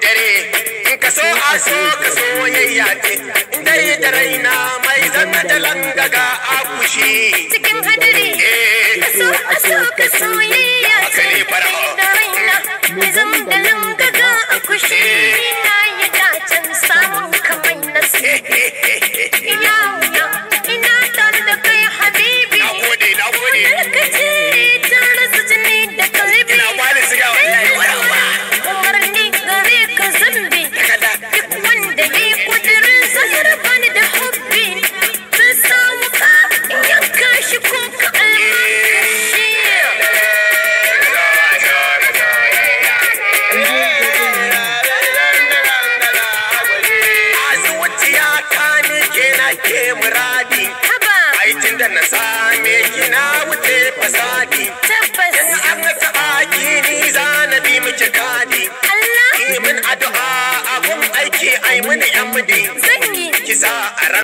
dare in ka so a so ka so yayya ce in dai da raina mai zama da langaga a kushe cikin hadari ka so a so ka so yayya ce da raina mai zama da langaga a kushe ina ya dacin samun kamar nasu ina ina tare da kai habibi na gode na gode da na same ki na wuce fasadi tabbas in an ta aki ni zanabi miki kadi Allah mun addu'a abun aiki ai mini yan zan yi kisa. a